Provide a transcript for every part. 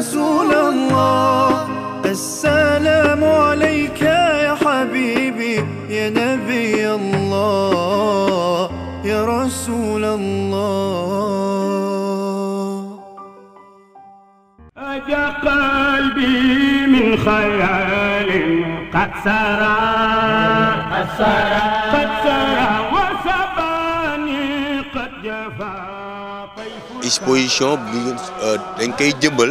رسول الله السلام عليك يا حبيبي يا نبي الله يا رسول الله أجا قلبي من خيال قد سرى قد سرى قد سرى وسباني قد جفا exposition bi dañ koy jëmbal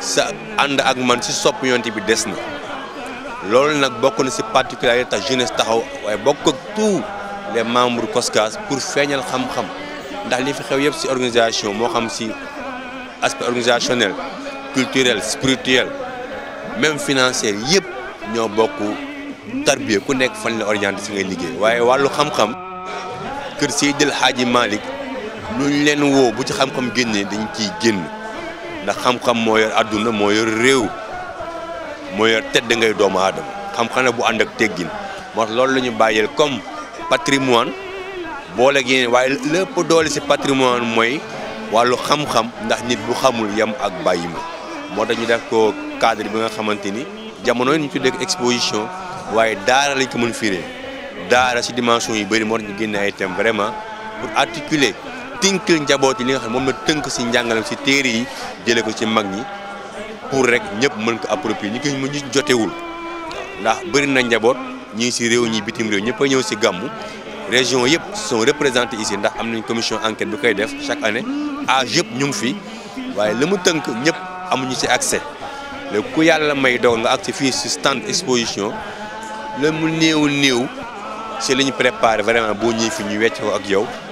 sa ànd ak man si sopp yonent bi des na loolu nag bokk na si particularité tax jeunesse taxaw waaye bokk ak tous les membres COSCAS pour feeñal xam-xam ndax li fi xew yëpp si organisation moo xam si aspect organisationnel culturel spirituel même financier yëpp ñoo bokk tarbier ku nekk fan la orienté si ngay liggéey waaye wàllu xam-xam kër Seydil Hadji Malick luñ leen woo bu ci xam-xam génnee dañ ciy génn ndax xam-xam moo yor àdduna moo yor réew moo yor tedd ngay doomu aadama xam-xam ne bu ànd ak teggin moo tax loolu la ñu bàyyil comme patrimoine booleeg yeneen waaye lépp doole si patrimoine mooy wàllu xam-xam ndax nit bu xamul yam ak bàyyi ma moo tax ñu def ko cadre bi nga xamante ni jamono yi ñu tuddee exposition waaye daara lañ ko mën firee daara si dimension yu bëri moo tax ñu génne ay thèmes vraiment pour articuler. tënk njaboot yi li nga xam moom la tënk si njàngalam si téere yi jëlee ko ci mag ñi pour rek ñëpp mën ko ñu ñi ko ñu jotewul ndax bëri na njaboot ñi ngi si réew ñi bitim réew ñëpp a ñëw si gàmmu région yëpp soo représentées ici ndax am nañ commission enquête bu koy def chaque année âge yëpp ñu ngi fi waaye la mu tënk ñëpp amuñu si accès léegi ku yàlla may dogal nga accès fii si stand exposition la mu néew néew si li ñu préparé vraiment boo ñëwee fi ñu wecc ko ak yow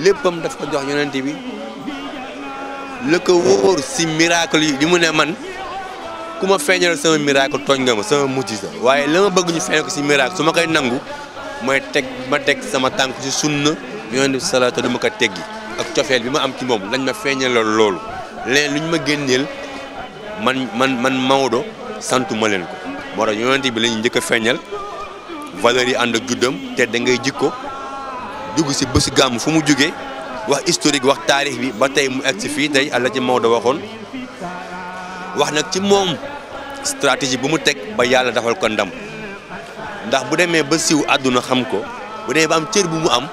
léppam daf ko jox yonent bi la ko wóor si miracle yi mu ne man ku ma feeñal sama miracle tooñ nga ma sama mujj sa waaye la ma bëgg ñu feeñal ko si miracle su ma koy nangu mooy teg ma teg sama tànk si sunna yonent bi salaatu du ma ko teggi ak cofeel bi ma am ci moom lañ ma feeñalal loolu leen luñ ma génneel man man man Maodo santu ma leen ko moo tax yonent bi lañu njëkk a feeñal valeur yi ànd ak juddam te da jikko dugg si bési gàmm fu mu jógee wax historique wax taarix bi ba tey mu egg si fii tey àlla ci Maodo waxoon wax nag ci moom stratégie bu mu teg ba yàlla dafal ko ndam ndax bu demee ba siw àdduna xam ko bu demee ba am cër bu mu am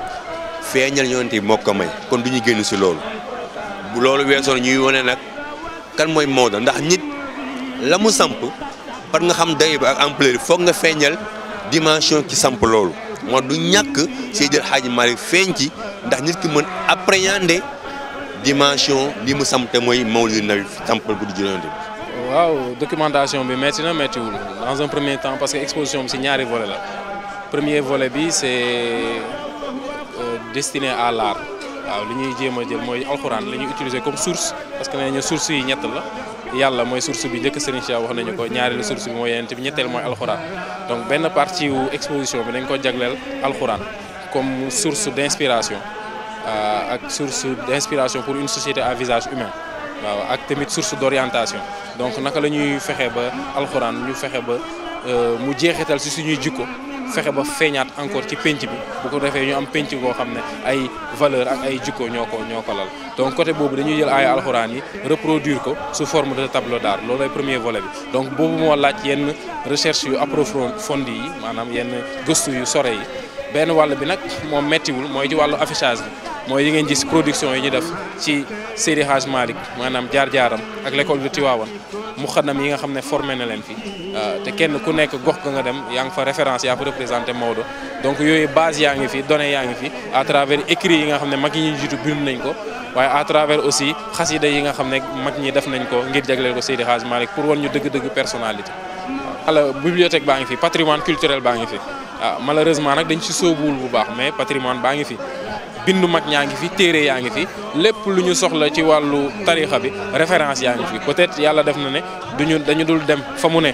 feeñal yonent bi moo ko may kon du ñu génn si loolu bu loolu weesoon ñuy wane nag kan mooy Maodo ndax nit la mu samp par nga xam dayu bi ak ampleur foog nga feeñal dimension ci samp loolu moo du ñàkk Seydi Hadji Malick feeñ ci ndax nit ki mën appréhender dimension li mu samté moy mooy Nabi sampal bu Yonent bi. waaw documentation bi métti na wul dans un premier temps parce que exposition ci ñaari volet la premier volet bi c'est euh, destiné à l'art waaw li ñuy jéem jël moy alcorane li ñuy utiliser comme source parce que nee na source yi ñett la yalla moy source bi njëkk Serigne Cheikh wax nañu ko ñaareelu source bi mooy yeneen bi ñetteel mooy alxuraan donc ben partie wu exposition bi dañ ko jagleel alxuraan comme source d'inspiration euh, ak source d'inspiration pour une société à visage humain waaw ak tamit source d'orientation donc naka lañuy fexé fexe ba alxuraan ñu fexé ba euh, mu jeexital ci suñuy jikko fexe ba feeñaat encore ci penc bi bu ko defee ñu am penc go xamné ay valeur ak ay jikko ñoko ñoko lal donc côté bobu dañuy jël ay alcorane yi reproduire ko sous forme de tableau d'art loolu ay premier volet bi donc bobu mo laaj yenn recherche yu approfondi yi manam yenn gëstu yu sore yi ben wàll bi nag metti wul moy ci wàllu affichage bi mooy yi ngeen gis production yi ñu def ci Seydi Hadj maanaam jaar-jaaram ak l'école de Tivaouane mu xanam yi nga xam ne formé na leen fi euh, te kenn ku nekk gox ga nga dem yaa ngi fa référence yaa fa représenté Maodo donc yooyu base yaa ngi fi données yaa ngi fi à travers yi nga xam ne mag ñi jiitu bind nañ ko waaye à travers aussi xasida yi nga xam ne mag ñi def nañ ko ngir jagleel ko Seydi Hadj Malick pour wan ñu dëgg-dëgg personnalité alors bibliothèque baa ngi fi patrimoine culturel baa ngi fi ah malheureusement nag dañ ci sóobuwul bu baax mais patrimoine baa ngi fi bindu mag ñangi fi téré yaangi fi lépp luñu soxla ci walu tariixa bi référence yaangi fi peut-être yalla def na né duñu dañu dul dem fa né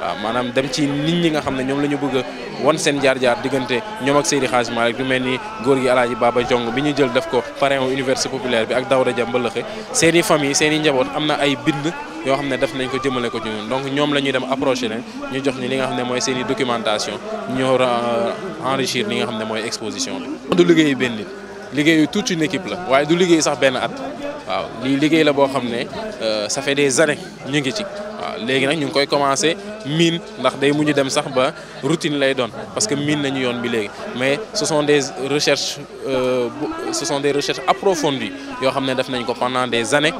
waaw maanaam dem ci nit ñi nga xam ne ñoom la ñu bëgg wan seen jaar-jaar diggante ñoom ak Seydi Hadji Malick du mel ni góor gi alaaji baaba Jong bi ñu jël def ko parrain wu université populaire bi ak Daouda Dia Mbëlëxe seen i famille seen i njaboot am na ay bind yoo xam ne def nañ ko jëmale ko ci donc ñoom la ñuy dem approché leen ñu jox ñu li nga xam ne mooy seen i documentation ñu euh, enrichir li nga xam ne mooy exposition du liggéeyu benn nit liggéeyu toute une la waaye du liggéey sax benn at waaw lii liggéey la boo xam ne euh, ça fait des années ñu ngi ci waaw nag ñu ngi koy commencé mine ndax day muñu dem sax ba routine lay doon parce que mine nañu yoon bi léegi mais ce sont des recherches euh, ce sont des recherches approfondies yo xamné def nañ ko pendant des années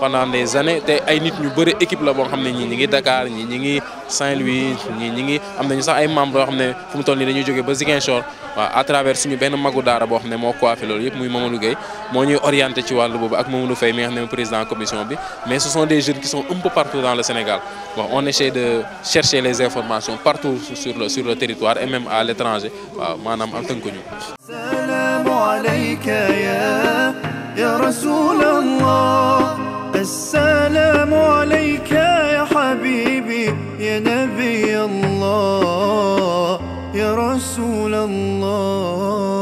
pendant des années te ay nit ñu bëri équipe la bo xamné ñi ñi ngi Dakar ñi ñi ngi Saint-Louis ñi ñi ngi am nañu sax ay membres yoo xam fu mu toll nii dañuy joggé ba Ziguinchor wa à travers suñu benn magu dara bo xamné mo moo coiffé loolu yëpp muy Mamadou Gueye mo ñuy orienté ci walu bobu ak Mamadou Faye mi nga président commission bi mais ce sont des jeunes qui sont un peu partout dans le Sénégal wa on essaie de chercher les informations partout sur le sur le territoire et même à l'étranger wa manam am tënkuñu السلام عليك يا يا رسول الله السلام عليك يا حبيبي يا نبي الله يا رسول الله